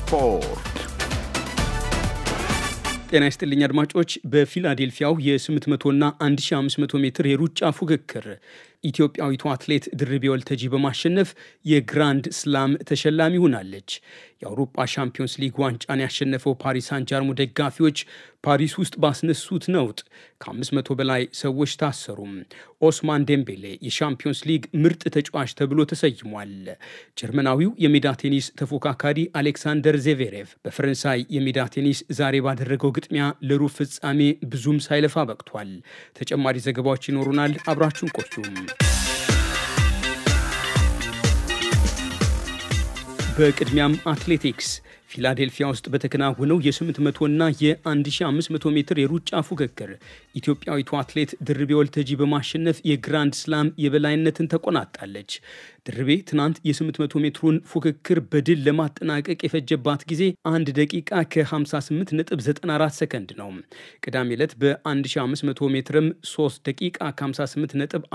ስፖርት ጤና ይስጥልኝ አድማጮች። በፊላዴልፊያው የ800ና 1500 ሜትር የሩጫ ፉክክር ኢትዮጵያዊቱ አትሌት ድርቤ ወልተጂ በማሸነፍ የግራንድ ስላም ተሸላሚ ሆናለች። የአውሮፓ ሻምፒዮንስ ሊግ ዋንጫን ያሸነፈው ፓሪስ አንጃርሙ ደጋፊዎች ፓሪስ ውስጥ ባስነሱት ነውጥ ከ500 በላይ ሰዎች ታሰሩም። ኦስማን ዴምቤሌ የሻምፒዮንስ ሊግ ምርጥ ተጫዋች ተብሎ ተሰይሟል። ጀርመናዊው የሜዳ ቴኒስ ተፎካካሪ አሌክሳንደር ዜቬሬቭ በፈረንሳይ የሜዳ ቴኒስ ዛሬ ባደረገው ግጥሚያ ለሩብ ፍጻሜ ብዙም ሳይለፋ በቅቷል። ተጨማሪ ዘገባዎች ይኖሩናል። አብራችሁን ቆዩም። በቅድሚያም አትሌቲክስ ፊላዴልፊያ ውስጥ በተከናወነው የ800ና የ1500 ሜትር የሩጫ ፉክክር ኢትዮጵያዊቱ አትሌት ድርቤ ወልተጂ በማሸነፍ የግራንድ ስላም የበላይነትን ተቆናጣለች። ድርቤ ትናንት የ800 ሜትሩን ፉክክር በድል ለማጠናቀቅ የፈጀባት ጊዜ 1 ደቂቃ ከ 58 ነጥብ 94 ሰከንድ ነው። ቅዳሜ ዕለት በ1500 ሜትርም 3 ደቂቃ ከ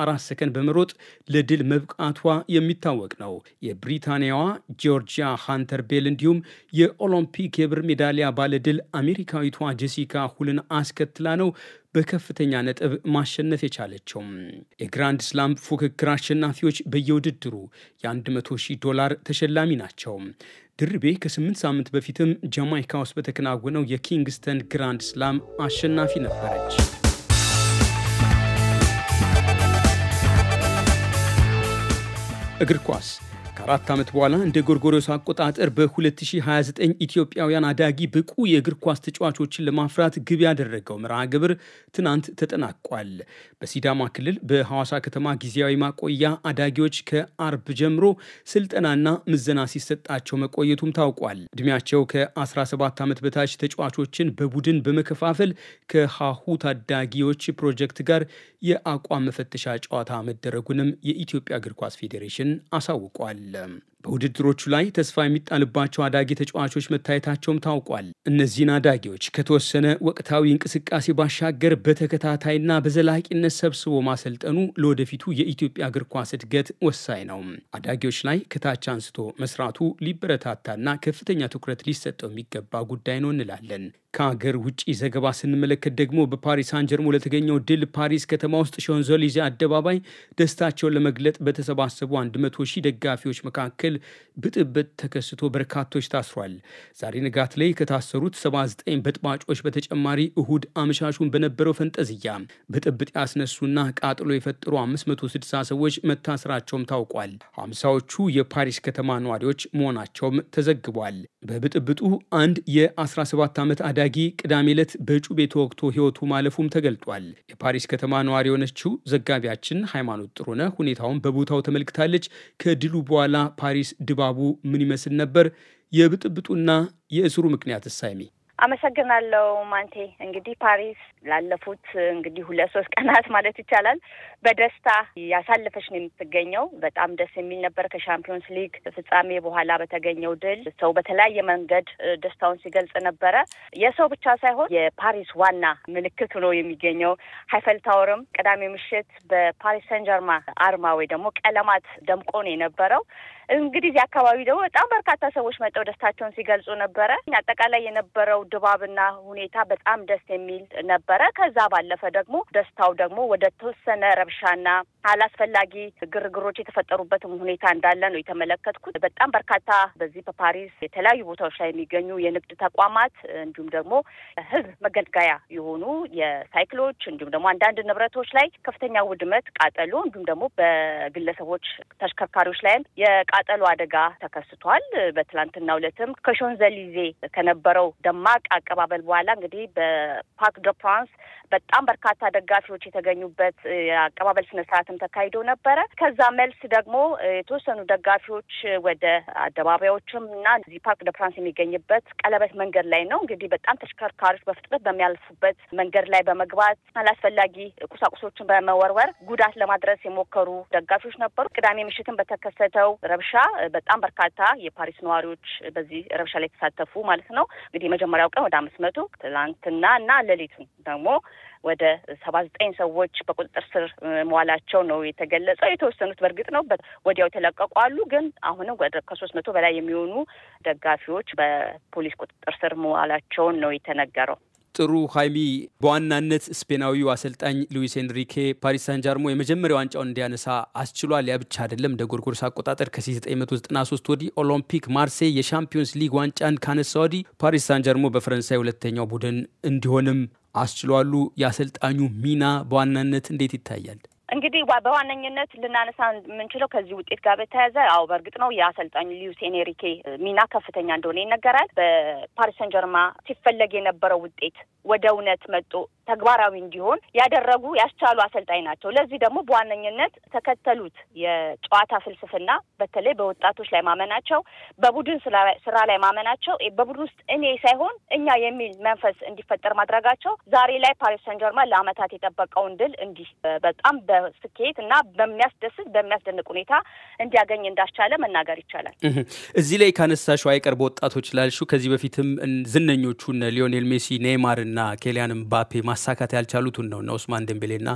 4 ሰከንድ በመሮጥ ለድል መብቃቷ የሚታወቅ ነው። የብሪታንያዋ ጆርጂያ ሃንተር ቤል እንዲሁም የ የኦሎምፒክ የብር ሜዳሊያ ባለድል አሜሪካዊቷ ጄሲካ ሁልን አስከትላ ነው በከፍተኛ ነጥብ ማሸነፍ የቻለችው። የግራንድ ስላም ፉክክር አሸናፊዎች በየውድድሩ የ100 ሺህ ዶላር ተሸላሚ ናቸው። ድርቤ ከስምንት ሳምንት በፊትም ጃማይካ ውስጥ በተከናወነው የኪንግስተን ግራንድ ስላም አሸናፊ ነበረች። እግር ኳስ ከአራት ዓመት በኋላ እንደ ጎርጎሮስ አቆጣጠር በ2029 ኢትዮጵያውያን አዳጊ ብቁ የእግር ኳስ ተጫዋቾችን ለማፍራት ግብ ያደረገው መርሃ ግብር ትናንት ተጠናቋል። በሲዳማ ክልል በሐዋሳ ከተማ ጊዜያዊ ማቆያ አዳጊዎች ከአርብ ጀምሮ ስልጠናና ምዘና ሲሰጣቸው መቆየቱም ታውቋል። እድሜያቸው ከ17 ዓመት በታች ተጫዋቾችን በቡድን በመከፋፈል ከሀሁ ታዳጊዎች ፕሮጀክት ጋር የአቋም መፈተሻ ጨዋታ መደረጉንም የኢትዮጵያ እግር ኳስ ፌዴሬሽን አሳውቋል። Um. በውድድሮቹ ላይ ተስፋ የሚጣልባቸው አዳጊ ተጫዋቾች መታየታቸውም ታውቋል። እነዚህን አዳጊዎች ከተወሰነ ወቅታዊ እንቅስቃሴ ባሻገር በተከታታይና በዘላቂነት ሰብስቦ ማሰልጠኑ ለወደፊቱ የኢትዮጵያ እግር ኳስ እድገት ወሳኝ ነው። አዳጊዎች ላይ ከታች አንስቶ መስራቱ ሊበረታታና ከፍተኛ ትኩረት ሊሰጠው የሚገባ ጉዳይ ነው እንላለን። ከአገር ውጭ ዘገባ ስንመለከት ደግሞ በፓሪስ አንጀርሞ ለተገኘው ድል ፓሪስ ከተማ ውስጥ ሻንዘሊዜ አደባባይ ደስታቸውን ለመግለጥ በተሰባሰቡ 100 ሺህ ደጋፊዎች መካከል ክልል ብጥብጥ ተከስቶ በርካቶች ታስሯል። ዛሬ ንጋት ላይ ከታሰሩት 79 በጥባጮች በተጨማሪ እሁድ አመሻሹን በነበረው ፈንጠዝያ ብጥብጥ ያስነሱና ቃጥሎ የፈጠሩ 560 ሰዎች መታሰራቸውም ታውቋል። አምሳዎቹ የፓሪስ ከተማ ነዋሪዎች መሆናቸውም ተዘግቧል። በብጥብጡ አንድ የ17 ዓመት አዳጊ ቅዳሜ ዕለት በጩቤ ተወግቶ ሕይወቱ ማለፉም ተገልጧል። የፓሪስ ከተማ ነዋሪ የሆነችው ዘጋቢያችን ሃይማኖት ጥሩነ ሁኔታውን በቦታው ተመልክታለች። ከድሉ በኋላ ፓሪስ ፖሊስ ድባቡ ምን ይመስል ነበር? የብጥብጡና የእስሩ ምክንያት ሳይሚ አመሰግናለሁ ማንቴ። እንግዲህ ፓሪስ ላለፉት እንግዲህ ሁለት ሶስት ቀናት ማለት ይቻላል በደስታ ያሳለፈች ነው የምትገኘው። በጣም ደስ የሚል ነበር። ከሻምፒዮንስ ሊግ ፍጻሜ በኋላ በተገኘው ድል ሰው በተለያየ መንገድ ደስታውን ሲገልጽ ነበረ። የሰው ብቻ ሳይሆን የፓሪስ ዋና ምልክት ሆኖ የሚገኘው ሀይፈል ታወርም ቅዳሜ ምሽት በፓሪስ ሰንጀርማ አርማ ወይ ደግሞ ቀለማት ደምቆ ነው የነበረው። እንግዲህ እዚህ አካባቢ ደግሞ በጣም በርካታ ሰዎች መጠው ደስታቸውን ሲገልጹ ነበረ። አጠቃላይ የነበረው ድባብና ሁኔታ በጣም ደስ የሚል ነበረ። ከዛ ባለፈ ደግሞ ደስታው ደግሞ ወደ ተወሰነ ረብሻና አላስፈላጊ ግርግሮች የተፈጠሩበትም ሁኔታ እንዳለ ነው የተመለከትኩት። በጣም በርካታ በዚህ በፓሪስ የተለያዩ ቦታዎች ላይ የሚገኙ የንግድ ተቋማት እንዲሁም ደግሞ ህዝብ መገልገያ የሆኑ የሳይክሎች እንዲሁም ደግሞ አንዳንድ ንብረቶች ላይ ከፍተኛ ውድመት፣ ቃጠሎ እንዲሁም ደግሞ በግለሰቦች ተሽከርካሪዎች ላይም የቃጠሎ አደጋ ተከስቷል። በትላንትናው ዕለትም ከሾንዘሊዜ ከነበረው ደማቅ አቀባበል በኋላ እንግዲህ በፓርክ ዶ ፍራንስ በጣም በርካታ ደጋፊዎች የተገኙበት የአቀባበል ስነስርዓት ውይይትም ተካሂዶ ነበረ። ከዛ መልስ ደግሞ የተወሰኑ ደጋፊዎች ወደ አደባባዮችም እና እዚህ ፓርክ ደ ፍራንስ የሚገኝበት ቀለበት መንገድ ላይ ነው እንግዲህ በጣም ተሽከርካሪዎች በፍጥነት በሚያልፉበት መንገድ ላይ በመግባት አላስፈላጊ ቁሳቁሶችን በመወርወር ጉዳት ለማድረስ የሞከሩ ደጋፊዎች ነበሩ። ቅዳሜ ምሽትን በተከሰተው ረብሻ በጣም በርካታ የፓሪስ ነዋሪዎች በዚህ ረብሻ ላይ የተሳተፉ ማለት ነው። እንግዲህ የመጀመሪያው ቀን ወደ አምስት መቶ ትላንትና እና ሌሊቱን ደግሞ ወደ ሰባ ዘጠኝ ሰዎች በቁጥጥር ስር መዋላቸው ነው የተገለጸው። የተወሰኑት በእርግጥ ነው ወዲያው የተለቀቁ አሉ። ግን አሁንም ወደ ከሶስት መቶ በላይ የሚሆኑ ደጋፊዎች በፖሊስ ቁጥጥር ስር መዋላቸውን ነው የተነገረው። ጥሩ ኃይሊ በዋናነት ስፔናዊው አሰልጣኝ ሉዊስ ኤንሪኬ ፓሪስ ሳን የመጀመሪያ ዋንጫውን እንዲያነሳ አስችሏል። ያ ብቻ አይደለም። እንደ ጎርጎርስ አቆጣጠር ከ1993 ወዲህ ኦሎምፒክ ማርሴይ የሻምፒዮንስ ሊግ ዋንጫን ካነሳ ወዲህ ፓሪስ ሳን ጃርሞ በፈረንሳይ ሁለተኛው ቡድን እንዲሆንም አስችሏሉ። የአሰልጣኙ ሚና በዋናነት እንዴት ይታያል? እንግዲህ በዋነኝነት ልናነሳ የምንችለው ከዚህ ውጤት ጋር በተያያዘ አዎ፣ በእርግጥ ነው የአሰልጣኝ ሉዊስ ኤንሪኬ ሚና ከፍተኛ እንደሆነ ይነገራል። በፓሪስ ሰን ጀርማ ሲፈለግ የነበረው ውጤት ወደ እውነት መጦ ተግባራዊ እንዲሆን ያደረጉ ያስቻሉ አሰልጣኝ ናቸው። ለዚህ ደግሞ በዋነኝነት ተከተሉት የጨዋታ ፍልስፍና፣ በተለይ በወጣቶች ላይ ማመናቸው፣ በቡድን ስራ ላይ ማመናቸው፣ በቡድን ውስጥ እኔ ሳይሆን እኛ የሚል መንፈስ እንዲፈጠር ማድረጋቸው ዛሬ ላይ ፓሪስ ሰን ጀርማ ለአመታት የጠበቀውን ድል እንዲህ በጣም ስኬት እና በሚያስደስት በሚያስደንቅ ሁኔታ እንዲያገኝ እንዳስቻለ መናገር ይቻላል። እዚህ ላይ ካነሳሽው አይቀርብ ወጣቶች ላልሹ ከዚህ በፊትም ዝነኞቹ ሊዮኔል ሜሲ፣ ኔይማር እና ኬሊያን ምባፔ ማሳካት ያልቻሉትን ነው እና ኦስማን ደምቤሌ እና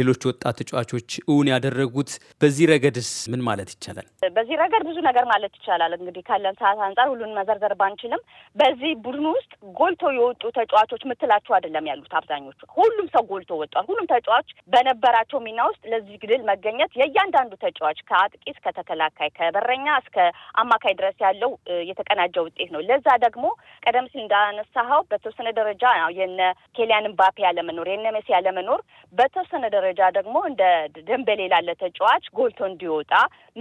ሌሎች ወጣት ተጫዋቾች እውን ያደረጉት። በዚህ ረገድስ ምን ማለት ይቻላል? በዚህ ረገድ ብዙ ነገር ማለት ይቻላል። እንግዲህ ካለን ሰዓት አንጻር ሁሉን መዘርዘር ባንችልም በዚህ ቡድን ውስጥ ጎልቶ የወጡ ተጫዋቾች ምትላቸው አይደለም ያሉት አብዛኞቹ። ሁሉም ሰው ጎልቶ ወጥቷል። ሁሉም ተጫዋች በነበራቸው ሚና ውስጥ ለዚህ ድል መገኘት የእያንዳንዱ ተጫዋች ከአጥቂ እስከ ተከላካይ ከበረኛ እስከ አማካይ ድረስ ያለው የተቀናጀ ውጤት ነው። ለዛ ደግሞ ቀደም ሲል እንዳነሳኸው በተወሰነ ደረጃ የነ ኬሊያን ምባፔ ያለመኖር የነ ሜሲ ያለመኖር በተወሰነ ደረጃ ደግሞ እንደ ደንበሌ ላለ ተጫዋች ጎልቶ እንዲወጣ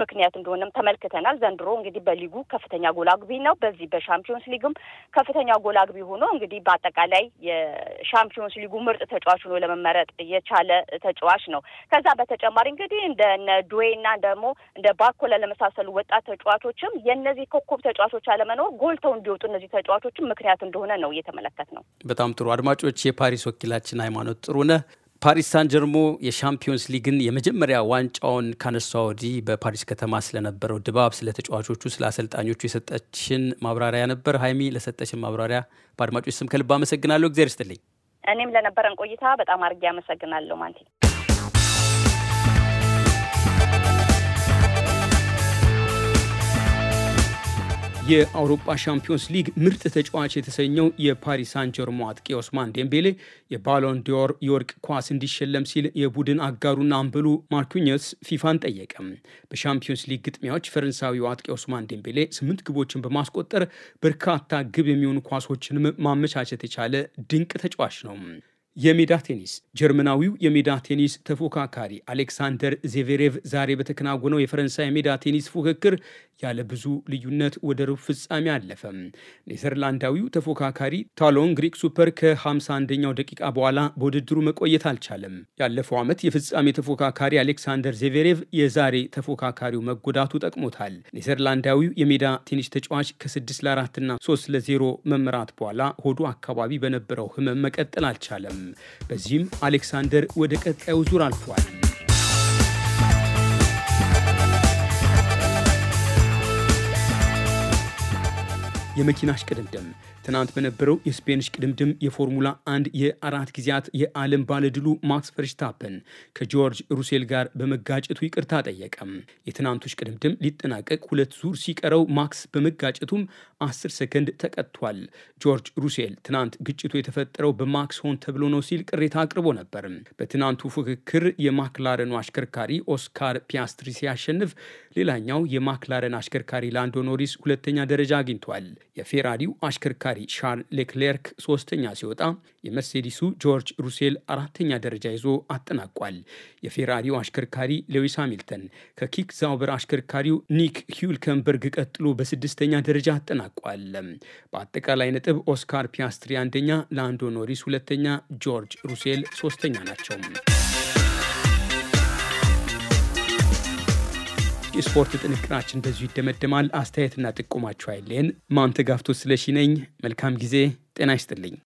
ምክንያት እንደሆነም ተመልክተናል። ዘንድሮ እንግዲህ በሊጉ ከፍተኛ ጎል አግቢ ነው። በዚህ በሻምፒዮንስ ሊግም ከፍተኛ ጎል አግቢ ሆኖ እንግዲህ በአጠቃላይ የሻምፒዮንስ ሊጉ ምርጥ ተጫዋች ሆኖ ለመመረጥ የቻለ ተጫዋች ነው። ከዛ በተጨማሪ እንግዲህ እንደ ዱዌ እና ደግሞ እንደ ባኮለ ለመሳሰሉ ወጣት ተጫዋቾችም የእነዚህ ኮከብ ተጫዋቾች አለመኖር ጎልተው እንዲወጡ እነዚህ ተጫዋቾችም ምክንያት እንደሆነ ነው እየተመለከት ነው። በጣም ጥሩ አድማጮች፣ የፓሪስ ወኪላችን ሃይማኖት ነ ፓሪስ ሳን ጀርሞ የሻምፒዮንስ ሊግን የመጀመሪያ ዋንጫውን ካነሷ ወዲህ በፓሪስ ከተማ ስለነበረው ድባብ፣ ስለ ተጫዋቾቹ፣ ስለ አሰልጣኞቹ የሰጠችን ማብራሪያ ነበር። ሀይሚ ለሰጠችን ማብራሪያ በአድማጮች ስም ከልብ አመሰግናለሁ። እግዚአብሔር ይስጥልኝ። እኔም ለነበረን ቆይታ በጣም አድርጌ አመሰግናለሁ ማንቲ የአውሮፓ ሻምፒዮንስ ሊግ ምርጥ ተጫዋች የተሰኘው የፓሪስ ሳን ጀርሞ አጥቂ ኦስማን ዴምቤሌ የባሎን ዲዮር የወርቅ ኳስ እንዲሸለም ሲል የቡድን አጋሩና አምበሉ ማርኩኘስ ፊፋን ጠየቀ። በሻምፒዮንስ ሊግ ግጥሚያዎች ፈረንሳዊው አጥቂ ኦስማን ዴምቤሌ ስምንት ግቦችን በማስቆጠር በርካታ ግብ የሚሆኑ ኳሶችንም ማመቻቸት የቻለ ድንቅ ተጫዋች ነው። የሜዳ ቴኒስ ጀርመናዊው የሜዳ ቴኒስ ተፎካካሪ አሌክሳንደር ዜቬሬቭ ዛሬ በተከናወነው የፈረንሳይ የሜዳ ቴኒስ ፉክክር ያለ ብዙ ልዩነት ወደ ሩብ ፍጻሜ አለፈ። ኔዘርላንዳዊው ተፎካካሪ ታሎን ግሪክ ሱፐር ከ51ኛው ደቂቃ በኋላ በውድድሩ መቆየት አልቻለም። ያለፈው ዓመት የፍጻሜ ተፎካካሪ አሌክሳንደር ዜቬሬቭ የዛሬ ተፎካካሪው መጎዳቱ ጠቅሞታል። ኔዘርላንዳዊው የሜዳ ቴኒስ ተጫዋች ከ6 ለ4ና 3 ለ0 መመራት በኋላ ሆዱ አካባቢ በነበረው ህመም መቀጠል አልቻለም። በዚህም አሌክሳንደር ወደ ቀጣዩ ዙር አልፏል። የመኪና እሽቅድድም ትናንት በነበረው የስፔንሽ ቅድምድም የፎርሙላ አንድ የአራት ጊዜያት የዓለም ባለድሉ ማክስ ፈርሽታፕን ከጆርጅ ሩሴል ጋር በመጋጨቱ ይቅርታ ጠየቀም። የትናንቶች ቅድምድም ሊጠናቀቅ ሁለት ዙር ሲቀረው ማክስ በመጋጨቱም አስር ሰከንድ ተቀጥቷል። ጆርጅ ሩሴል ትናንት ግጭቱ የተፈጠረው በማክስ ሆን ተብሎ ነው ሲል ቅሬታ አቅርቦ ነበር። በትናንቱ ፉክክር የማክላረኑ አሽከርካሪ ኦስካር ፒያስትሪ ሲያሸንፍ፣ ሌላኛው የማክላረን አሽከርካሪ ላንዶ ኖሪስ ሁለተኛ ደረጃ አግኝቷል። የፌራሪው አሽከርካሪ ተፎካካሪ ሻርል ሌክሌርክ ሶስተኛ ሲወጣ የመርሴዲሱ ጆርጅ ሩሴል አራተኛ ደረጃ ይዞ አጠናቋል። የፌራሪው አሽከርካሪ ሌዊስ ሃሚልተን ከኪክ ዛውበር አሽከርካሪው ኒክ ሂልከንበርግ ቀጥሎ በስድስተኛ ደረጃ አጠናቋል። በአጠቃላይ ነጥብ ኦስካር ፒያስትሪ አንደኛ፣ ላንዶ ኖሪስ ሁለተኛ፣ ጆርጅ ሩሴል ሶስተኛ ናቸው። የስፖርት ጥንቅናችን በዚሁ ይደመደማል። አስተያየትና ጥቁማችሁ አይለን። ማንተጋፍቶ ስለሺ ነኝ። መልካም ጊዜ። ጤና ይስጥልኝ።